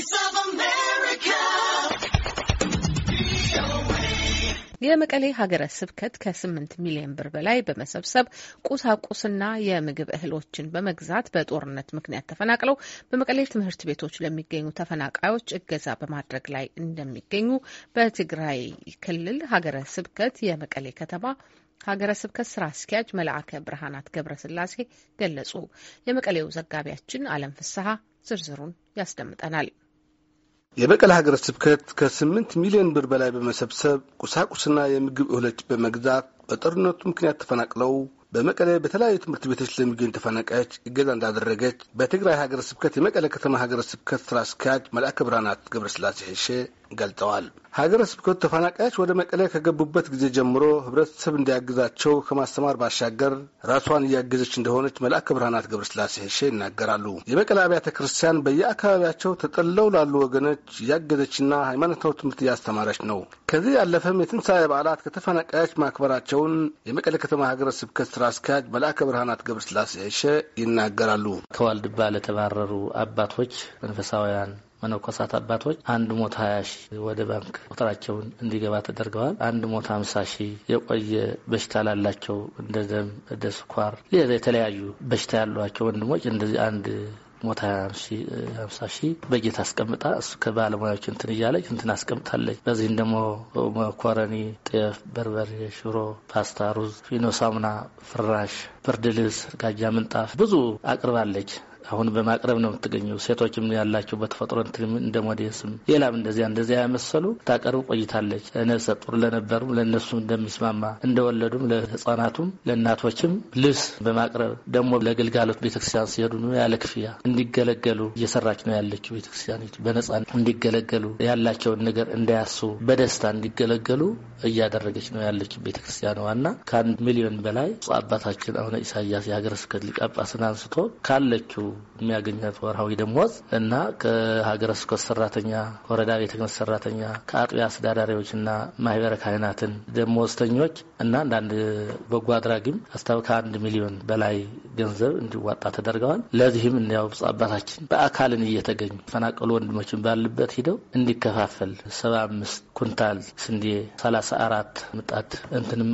Voice of America. የመቀሌ ሀገረ ስብከት ከ ከ8 ሚሊዮን ብር በላይ በመሰብሰብ ቁሳቁስና የምግብ እህሎችን በመግዛት በጦርነት ምክንያት ተፈናቅለው በመቀሌ ትምህርት ቤቶች ለሚገኙ ተፈናቃዮች እገዛ በማድረግ ላይ እንደሚገኙ በትግራይ ክልል ሀገረ ስብከት የመቀሌ ከተማ ሀገረ ስብከት ስራ አስኪያጅ መልአከ ብርሃናት ገብረስላሴ ገለጹ። የመቀሌው ዘጋቢያችን አለም ፍስሀ ዝርዝሩን ያስደምጠናል። የበቀል ሀገረ ስብከት ከስምንት ሚሊዮን ብር በላይ በመሰብሰብ ቁሳቁስና የምግብ እህሎች በመግዛት በጦርነቱ ምክንያት ተፈናቅለው በመቀለ በተለያዩ ትምህርት ቤቶች ለሚገኙ ተፈናቃዮች እገዛ እንዳደረገች በትግራይ ሀገረ ስብከት የመቀለ ከተማ ሀገረ ስብከት ስራ አስኪያጅ መልአከ ብርሃናት ገብረስላሴ ሄሼ ገልጠዋል። ሀገረ ስብከቱ ተፈናቃዮች ወደ መቀለ ከገቡበት ጊዜ ጀምሮ ህብረተሰብ እንዲያግዛቸው ከማስተማር ባሻገር ራሷን እያገዘች እንደሆነች መልአከ ብርሃናት ገብረ ስላሴ ሄሼ ይናገራሉ። የመቀለ አብያተ ክርስቲያን በየአካባቢያቸው ተጠለው ላሉ ወገኖች እያገዘችና ሃይማኖታዊ ትምህርት እያስተማረች ነው። ከዚህ ያለፈም የትንሣኤ በዓላት ከተፈናቃዮች ማክበራቸውን የመቀለ ከተማ ሀገረ ስብከት ስራ አስኪያጅ መልአከ ብርሃናት ገብረ ስላሴ ሄሼ ይናገራሉ። ከዋልድባ ለተባረሩ አባቶች መንፈሳውያን መነኮሳት አባቶች አንድ ሞት ሀያ ሺ ወደ ባንክ ቁጥራቸውን እንዲገባ ተደርገዋል። አንድ ሞት ሀምሳ ሺህ የቆየ በሽታ ላላቸው እንደ ደም፣ እንደ ስኳር፣ ሌላ የተለያዩ በሽታ ያሏቸው ወንድሞች እንደዚህ አንድ ሞታ ሀምሳ ሺህ በጌታ አስቀምጣ እሱ ከባለሙያዎች እንትን እያለች እንትን አስቀምጣለች። በዚህም ደግሞ መኮረኒ፣ ጤፍ፣ በርበሬ፣ ሽሮ፣ ፓስታ፣ ሩዝ፣ ፊኖ፣ ሳሙና፣ ፍራሽ፣ ብርድ ልብስ፣ ጋጃ፣ ምንጣፍ ብዙ አቅርባለች። አሁን በማቅረብ ነው የምትገኘው። ሴቶችም ያላቸው በተፈጥሮ እንደ ሞዴስም ሌላም እንደዚያ እንደዚያ ያመሰሉ ታቀርብ ቆይታለች። ነፍሰ ጡር ለነበሩም ለእነሱም እንደሚስማማ እንደወለዱም ለህፃናቱም ለእናቶችም ልብስ በማቅረብ ደግሞ ለግልጋሎት ቤተክርስቲያን ሲሄዱ ያለ ክፍያ እንዲገለገሉ እየሰራች ነው ያለችው። ቤተክርስቲያኒቱ በነፃ እንዲገለገሉ ያላቸውን ነገር እንዳያስቡ በደስታ እንዲገለገሉ እያደረገች ነው ያለችው ቤተክርስቲያን ዋና ከአንድ ሚሊዮን በላይ አባታችን አቡነ ኢሳያስ የሀገረ ስብከት ሊቀ ጳጳስን አንስቶ ካለችው የሚያገኛት ወርሃዊ ደሞዝ እና ከሀገረ ስብከት ሰራተኛ፣ ወረዳ ቤተ ክህነት ሰራተኛ፣ ከአጥቢያ አስተዳዳሪዎች እና ማህበረ ካህናትን ደሞዝተኞች እና አንዳንድ በጎ አድራጊም አስታብ ከአንድ ሚሊዮን በላይ ገንዘብ እንዲዋጣ ተደርገዋል። ለዚህም እንዲያው ብፁዕ አባታችን በአካልን እየተገኙ ፈናቀሉ ወንድሞችን ባሉበት ሂደው እንዲከፋፈል ሰባ አምስት ኩንታል ስንዴ ሰላሳ አራት ምጣድ እንትንም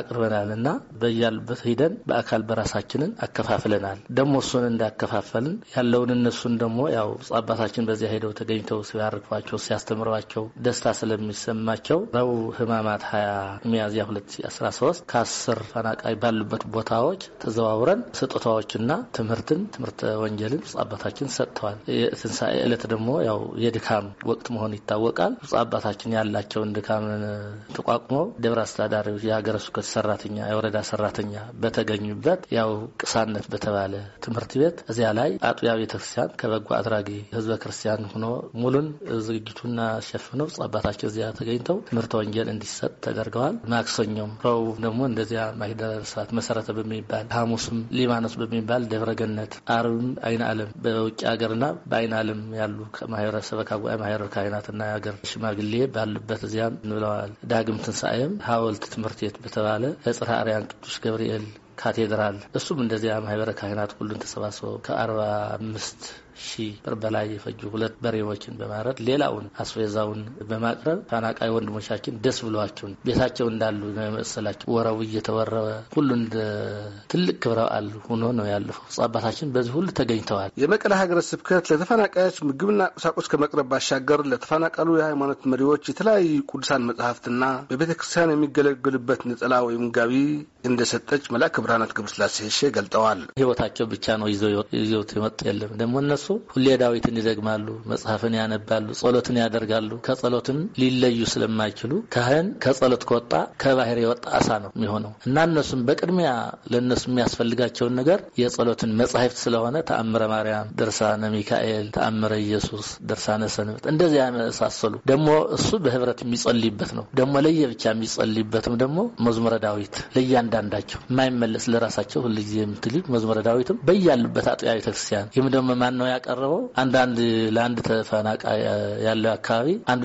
አቅርበናል እና በያሉበት ሂደን በአካል በራሳችንን አከፋፍለናል። ደሞሱን እንዳከፋ እየከፋፈልን ያለውን እነሱን ደግሞ ያው አባታችን በዚያ ሄደው ተገኝተው ሲያርግባቸው ሲያስተምሯቸው ደስታ ስለሚሰማቸው ረቡ ህማማት ሀያ ሚያዝያ 2013 ከአስር ፈናቃይ ባሉበት ቦታዎች ተዘዋውረን ስጦታዎችና ትምህርትን ትምህርተ ወንጀልን አባታችን ሰጥተዋል። የትንሣኤ ዕለት ደግሞ ያው የድካም ወቅት መሆኑ ይታወቃል። አባታችን ያላቸውን ድካምን ተቋቁመው ደብረ አስተዳዳሪዎች፣ የሀገረ ስብከት ሰራተኛ፣ የወረዳ ሰራተኛ በተገኙበት ያው ቅሳነት በተባለ ትምህርት ቤት በዚያ ላይ አጥቢያ ቤተክርስቲያን ከበጎ አድራጊ ህዝበ ክርስቲያን ሆኖ ሙሉን ዝግጅቱና ሸፍነው አባታቸው እዚያ ተገኝተው ትምህርተ ወንጌል እንዲሰጥ ተደርገዋል። ማክሰኞም ረቡዕ ደግሞ እንደዚያ ማሂደር መሰረተ በሚባል ሐሙስም ሊማኖስ በሚባል ደብረገነት አርብም አይነ ዓለም በውጭ ሀገርና በአይነ ዓለም ያሉ ማህበረሰብ ካጓ ማህበረ ካህናትና የሀገር ሽማግሌ ባሉበት እዚያም እንብለዋል። ዳግም ትንሣኤም ሀወልት ትምህርት ቤት በተባለ ለጽርሐ አርያን ቅዱስ ገብርኤል ካቴድራል እሱም እንደዚያ ማህበረ ካህናት ሁሉን ተሰባስበው ከአርባ አምስት ሺህ ብር በላይ የፈጁ ሁለት በሬዎችን በማረት ሌላውን አስፌዛውን በማቅረብ ታናቃይ ወንድሞቻችን ደስ ብሏቸውን ቤታቸው እንዳሉ መሰላቸው ወረቡ እየተወረበ ሁሉ እንደ ትልቅ ክብረ በዓል ሆኖ ነው ያለፈው። አባታችን በዚህ ሁሉ ተገኝተዋል። የመቀለ ሀገረ ስብከት ለተፈናቃዮች ምግብና ቁሳቁስ ከመቅረብ ባሻገር ለተፈናቀሉ የሃይማኖት መሪዎች የተለያዩ ቅዱሳን መጽሐፍትና በቤተ ክርስቲያን የሚገለገሉበት ነጠላ ወይም ጋቢ እንደሰጠች መልአከ ብርሃናት ገብረስላሴ ገልጠዋል። ህይወታቸው ብቻ ነው ይዘው የመጡ የለም ደግሞ እነሱ ሲነሱ ሁሌ ዳዊትን ይደግማሉ፣ መጽሐፍን ያነባሉ፣ ጸሎትን ያደርጋሉ። ከጸሎትን ሊለዩ ስለማይችሉ ካህን ከጸሎት ከወጣ ከባህር የወጣ አሳ ነው የሚሆነው እና እነሱም በቅድሚያ ለእነሱ የሚያስፈልጋቸውን ነገር የጸሎትን መጽሐፍት ስለሆነ ተአምረ ማርያም፣ ድርሳነ ሚካኤል፣ ተአምረ ኢየሱስ፣ ድርሳነ ሰንበት እንደዚያ ያመሳሰሉ ደግሞ እሱ በህብረት የሚጸልይበት ነው። ደግሞ ለየብቻ የሚጸልይበትም ደግሞ መዝሙረ ዳዊት ለእያንዳንዳቸው የማይመለስ ለራሳቸው ሁልጊዜ የምትል መዝሙረ ዳዊትም በያሉበት አጥቢያ ቤተክርስቲያን ይህም ደግሞ ማን ነው ያቀረበው አንዳንድ ለአንድ ተፈናቃይ ያለ አካባቢ አንድ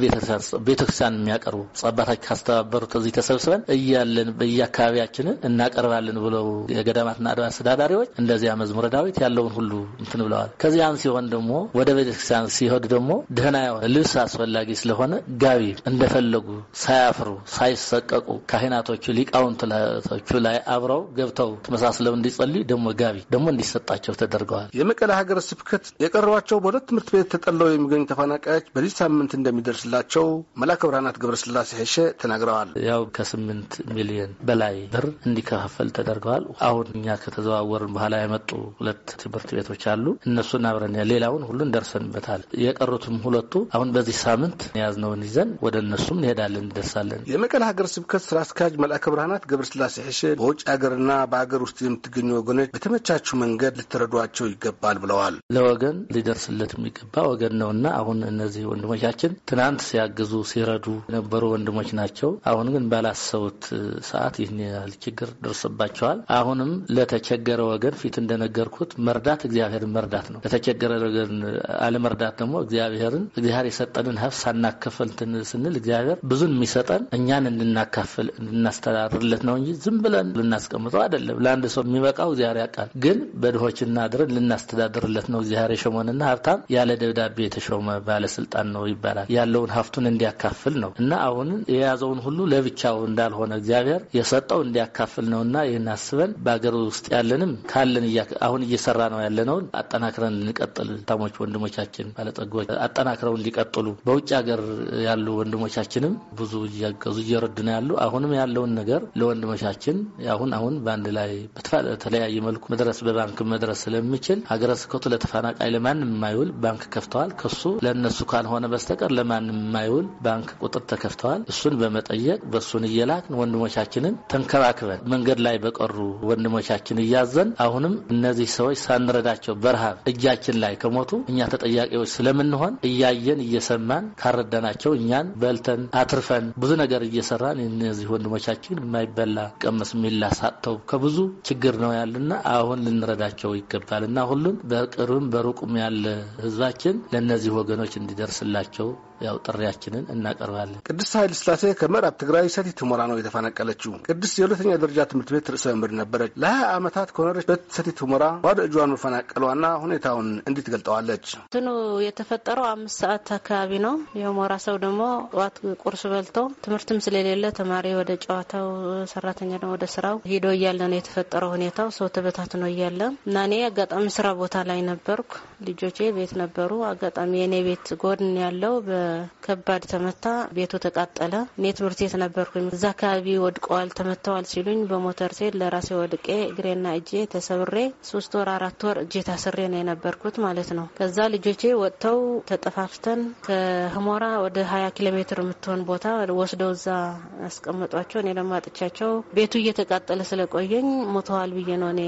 ቤተክርስቲያን የሚያቀርቡ ጸባታች ካስተባበሩ ከዚህ ተሰብስበን እያለን በየአካባቢያችንን እናቀርባለን ብለው የገዳማትና አድባራት አስተዳዳሪዎች እንደዚያ መዝሙረ ዳዊት ያለውን ሁሉ እንትን ብለዋል። ከዚያም ሲሆን ደግሞ ወደ ቤተክርስቲያን ሲሄድ ደግሞ ደህና ልብስ አስፈላጊ ስለሆነ ጋቢ እንደፈለጉ ሳያፍሩ ሳይሰቀቁ ካህናቶቹ ሊቃውንቶቹ ላይ አብረው ገብተው ተመሳስለው እንዲጸልዩ ደግሞ ጋቢ ደግሞ እንዲሰጣቸው ተደርገዋል። የመቀለ ሀገረ ስብከት የቀረቧቸው በሁለት ትምህርት ቤት ተጠለው የሚገኙ ተፈናቃዮች በዚህ ሳምንት እንደሚደርስላቸው መላከ ብርሃናት ገብረስላሴ ሸ ተናግረዋል። ያው ከስምንት ሚሊዮን በላይ ብር እንዲከፋፈል ተደርገዋል። አሁን እኛ ከተዘዋወርን በኋላ የመጡ ሁለት ትምህርት ቤቶች አሉ። እነሱን አብረን ሌላውን ሁሉን ደርሰንበታል። የቀሩትም ሁለቱ አሁን በዚህ ሳምንት የያዝነውን ይዘን ወደ እነሱም እንሄዳለን፣ እንደርሳለን። የመቀለ ሀገር ስብከት ስራ አስኪያጅ መላከ ብርሃናት ገብረስላሴ ሸ በውጭ ሀገርና በሀገር ውስጥ የምትገኙ ወገኖች በተመቻቹ መንገድ ልትረዷቸው ይገባል ብለዋል። ለወገን ወገን ሊደርስለት የሚገባ ወገን ነውና አሁን እነዚህ ወንድሞቻችን ትናንት ሲያግዙ ሲረዱ የነበሩ ወንድሞች ናቸው። አሁን ግን ባላሰቡት ሰዓት ይህን ያህል ችግር ደርስባቸዋል አሁንም ለተቸገረ ወገን ፊት እንደነገርኩት መርዳት እግዚአብሔርን መርዳት ነው። ለተቸገረ ወገን አለመርዳት ደግሞ እግዚአብሔርን እግዚአብሔር የሰጠንን ሀብት ሳናከፈል ስንል እግዚአብሔር ብዙን የሚሰጠን እኛን እንድናካፍል እንድናስተዳድርለት ነው እንጂ ዝም ብለን ልናስቀምጠው አይደለም። ለአንድ ሰው የሚበቃው እግዚአብሔር ያውቃል። ግን በድሆች እናድረን ልናስተዳድርለት ነው እግዚአብሔር የተሾመንና ሀብታም ያለ ደብዳቤ የተሾመ ባለስልጣን ነው ይባላል። ያለውን ሀብቱን እንዲያካፍል ነው እና አሁን የያዘውን ሁሉ ለብቻው እንዳልሆነ እግዚአብሔር የሰጠው እንዲያካፍል ነው እና ይህን አስበን በሀገር ውስጥ ያለንም ካለን አሁን እየሰራ ነው ያለነውን አጠናክረን ልንቀጥል ታሞች ወንድሞቻችን ባለጸጎች አጠናክረው እንዲቀጥሉ በውጭ ሀገር ያሉ ወንድሞቻችንም ብዙ እያገዙ እየረዱ ነው ያሉ። አሁንም ያለውን ነገር ለወንድሞቻችን አሁን አሁን በአንድ ላይ በተለያየ መልኩ መድረስ በባንክ መድረስ ስለሚችል ሀገረ ስብከቱ ለተፈናቃ አይ ለማንም የማይውል ባንክ ከፍተዋል። ከሱ ለእነሱ ካልሆነ በስተቀር ለማንም የማይውል ባንክ ቁጥር ተከፍተዋል። እሱን በመጠየቅ በሱን እየላክን ወንድሞቻችንን ተንከባክበን መንገድ ላይ በቀሩ ወንድሞቻችን እያዘን አሁንም እነዚህ ሰዎች ሳንረዳቸው በረሃብ እጃችን ላይ ከሞቱ እኛ ተጠያቂዎች ስለምንሆን እያየን እየሰማን ካረዳናቸው እኛን በልተን አትርፈን ብዙ ነገር እየሰራን እነዚህ ወንድሞቻችን የማይበላ ቀመስ ሳጥተው ከብዙ ችግር ነው ያሉና አሁን ልንረዳቸው ይገባል እና ሁሉን በቅርብም በሩቅ እየጠበቁም ያለ ህዝባችን ለእነዚህ ወገኖች እንዲደርስላቸው ያው ጥሪያችንን እናቀርባለን። ቅድስት ኃይለ ስላሴ ከምዕራብ ትግራይ ሰቲት ሁመራ ነው የተፈናቀለችው። ቅድስት የሁለተኛ ደረጃ ትምህርት ቤት ርዕሰ መምህር ነበረች። ለሀያ ዓመታት ከሆነችበት ሰቲት ሁመራ ባዶ እጇን መፈናቀሏና ሁኔታውን እንዲህ ትገልጠዋለች። እንትኑ የተፈጠረው አምስት ሰዓት አካባቢ ነው። የሁመራ ሰው ደግሞ ጠዋት ቁርስ በልቶ ትምህርትም ስለሌለ ተማሪ ወደ ጨዋታው፣ ሰራተኛ ደግሞ ወደ ስራው ሄዶ እያለ ነው የተፈጠረው ሁኔታው። ሰው ተበታትኖ እያለ እና እኔ አጋጣሚ ስራ ቦታ ላይ ነበርኩ። ልጆቼ ቤት ነበሩ። አጋጣሚ የእኔ ቤት ጎድን ያለው በከባድ ተመታ፣ ቤቱ ተቃጠለ። እኔ ትምህርት ቤት ነበርኩኝ። እዛ አካባቢ ወድቀዋል፣ ተመተዋል ሲሉኝ በሞተር ሴድ ለራሴ ወድቄ እግሬና እጄ ተሰብሬ ሶስት ወር አራት ወር እጄ ታስሬ ነው የነበርኩት ማለት ነው። ከዛ ልጆቼ ወጥተው ተጠፋፍተን ከህሞራ ወደ ሀያ ኪሎ ሜትር የምትሆን ቦታ ወስደው እዛ አስቀመጧቸው። እኔ ደግሞ አጥቻቸው ቤቱ እየተቃጠለ ስለቆየኝ ሞተዋል ብዬ ነው እኔ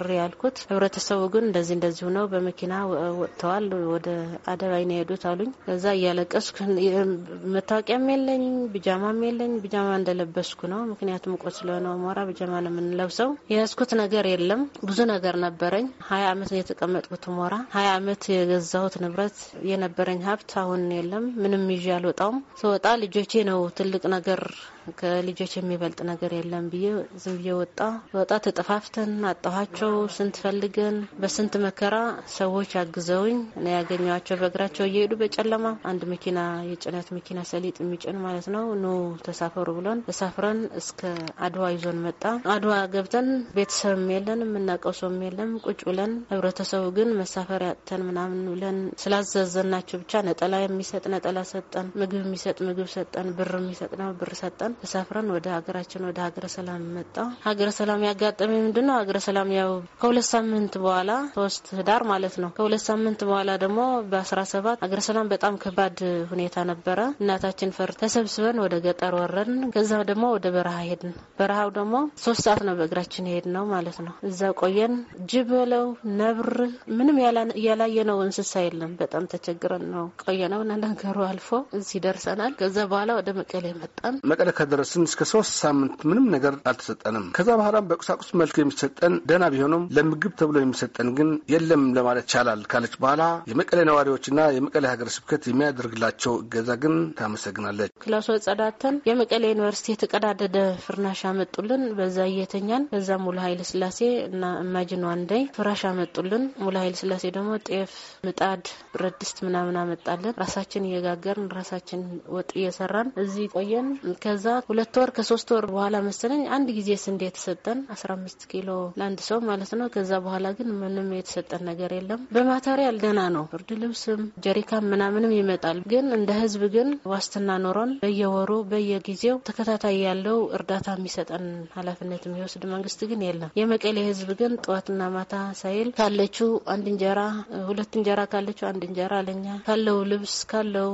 እሪ ያልኩት። ህብረተሰቡ ግን እንደዚህ እንደዚሁ ነው በመኪና ወጥተዋል ወደ አደባይ ነው የሄዱት አሉኝ። ከዛ እያለቀ እየተንቀሳቀስኩ መታወቂያም የለኝም፣ ብጃማም የለኝ። ብጃማ እንደለበስኩ ነው። ምክንያቱም ቆ ስለሆነ ሞራ ብጃማ ነው የምንለብሰው። የያዝኩት ነገር የለም። ብዙ ነገር ነበረኝ። ሀያ አመት ነው የተቀመጥኩት ሞራ። ሀያ አመት የገዛሁት ንብረት የነበረኝ ሀብት አሁን የለም። ምንም ይዤ አልወጣውም። ስወጣ ልጆቼ ነው ትልቅ ነገር ከልጆች የሚበልጥ ነገር የለም ብዬ ዝም ብዬ ወጣ ወጣ ተጠፋፍተን አጣኋቸው። ስንት ፈልገን በስንት መከራ ሰዎች አግዘውኝ እኔ ያገኘኋቸው በእግራቸው እየሄዱ በጨለማ አንድ መኪና የጭነት መኪና ሰሊጥ የሚጭን ማለት ነው። ኑ ተሳፈሩ ብለን ተሳፍረን እስከ አድዋ ይዞን መጣ። አድዋ ገብተን ቤተሰብም የለን የምናውቀው ሰውም የለም። ቁጭ ብለን ህብረተሰቡ ግን መሳፈሪያ አጥተን ምናምን ብለን ስላዘዘናቸው ብቻ ነጠላ የሚሰጥ ነጠላ ሰጠን፣ ምግብ የሚሰጥ ምግብ ሰጠን፣ ብር የሚሰጥ ነው ብር ሰጠን። ተሳፍረን ወደ ሀገራችን ወደ ሀገረ ሰላም መጣው። ሀገረ ሰላም ያጋጠመ ምንድን ነው? ሀገረ ሰላም ያው ከሁለት ሳምንት በኋላ ሶስት ህዳር ማለት ነው። ከሁለት ሳምንት በኋላ ደግሞ በአስራ ሰባት ሀገረ ሰላም በጣም ከባድ ሁኔታ ነበረ። እናታችን ፈር ተሰብስበን ወደ ገጠር ወረን። ከዛ ደግሞ ወደ በረሃ ሄድን። በረሃው ደግሞ ሶስት ሰዓት ነው በእግራችን ሄድ ነው ማለት ነው። እዛ ቆየን። ጅብ በለው ነብር፣ ምንም ያላየነው እንስሳ የለም። በጣም ተቸግረን ነው ቆየነው ነገሩ አልፎ እዚህ ደርሰናል። ከዛ በኋላ ወደ መቀሌ መጣን። መቀሌ ከደረስን እስከ ሶስት ሳምንት ምንም ነገር አልተሰጠንም። ከዛ በኋላም በቁሳቁስ መልክ የሚሰጠን ደህና ቢሆኑም ለምግብ ተብሎ የሚሰጠን ግን የለም ለማለት ይቻላል ካለች በኋላ የመቀሌ ነዋሪዎችና የመቀሌ ሀገር ስብከት የሚያደርግላቸው እገዛ ግን ታመሰግናለች። ክላሶ ጸዳተን የመቀሌ ዩኒቨርሲቲ የተቀዳደደ ፍርናሽ አመጡልን። በዛ እየተኛን ከዛ ሙሉ ኃይለ ስላሴ እና እማጅን ዋንደይ ፍራሽ አመጡልን። ሙሉ ኃይለ ስላሴ ደግሞ ጤፍ፣ ምጣድ፣ ብረት ድስት ምናምን አመጣለን። ራሳችን እየጋገርን ራሳችን ወጥ እየሰራን እዚህ ቆየን። ከዛ ሁለት ወር ከሶስት ወር በኋላ መሰለኝ አንድ ጊዜ ስንዴ የተሰጠን አስራ አምስት ኪሎ ለአንድ ሰው ማለት ነው። ከዛ በኋላ ግን ምንም የተሰጠን ነገር የለም። በማተሪያል ደህና ነው። ብርድ ልብስም ጀሪካም ምናምንም ይመጣል። ግን እንደ ህዝብ ግን ዋስትና ኖሮን በየወሩ በየጊዜው ተከታታይ ያለው እርዳታ የሚሰጠን ኃላፊነት የሚወስድ መንግስት ግን የለም። የመቀሌ ህዝብ ግን ጠዋትና ማታ ሳይል ካለችው አንድ እንጀራ ሁለት እንጀራ ካለችው አንድ እንጀራ ለኛ ካለው ልብስ ካለው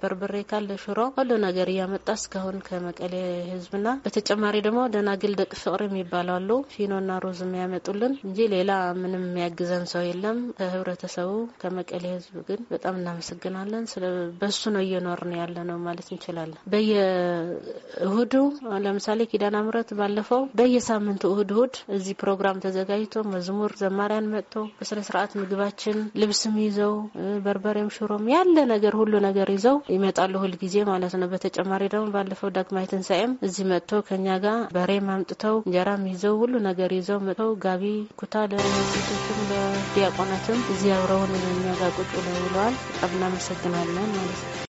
በርበሬ ካለ ሽሮ ሁሉ ነገር እያመጣ እስካሁን መቀሌ ህዝብና በተጨማሪ ደግሞ ደናግል ደቅ ፍቅር የሚባሉ አሉ። ፊኖና ሩዝ የሚያመጡልን እንጂ ሌላ ምንም የሚያግዘን ሰው የለም። ከህብረተሰቡ ከመቀሌ ህዝብ ግን በጣም እናመሰግናለን። በሱ ነው እየኖርን ያለ ነው ማለት እንችላለን። በየእሁዱ ለምሳሌ ኪዳነ ምሕረት ባለፈው በየሳምንቱ እሁድ እሁድ እዚህ ፕሮግራም ተዘጋጅቶ መዝሙር ዘማሪያን መጥቶ በስነ ስርዓት ምግባችን ልብስም ይዘው በርበሬም ሽሮም ያለ ነገር ሁሉ ነገር ይዘው ይመጣሉ ሁልጊዜ ማለት ነው። በተጨማሪ ደግሞ ባለፈው ዳግ ማይ ትንሣኤም እዚህ መጥተው ከኛ ጋር በሬም አምጥተው እንጀራም ይዘው ሁሉ ነገር ይዘው መጥተው ጋቢ ኩታ ለሴቶችም ለዲያቆናትም እዚህ አብረውን እኛ ጋር ቁጭ ብለዋል። በጣም እናመሰግናለን ማለት ነው።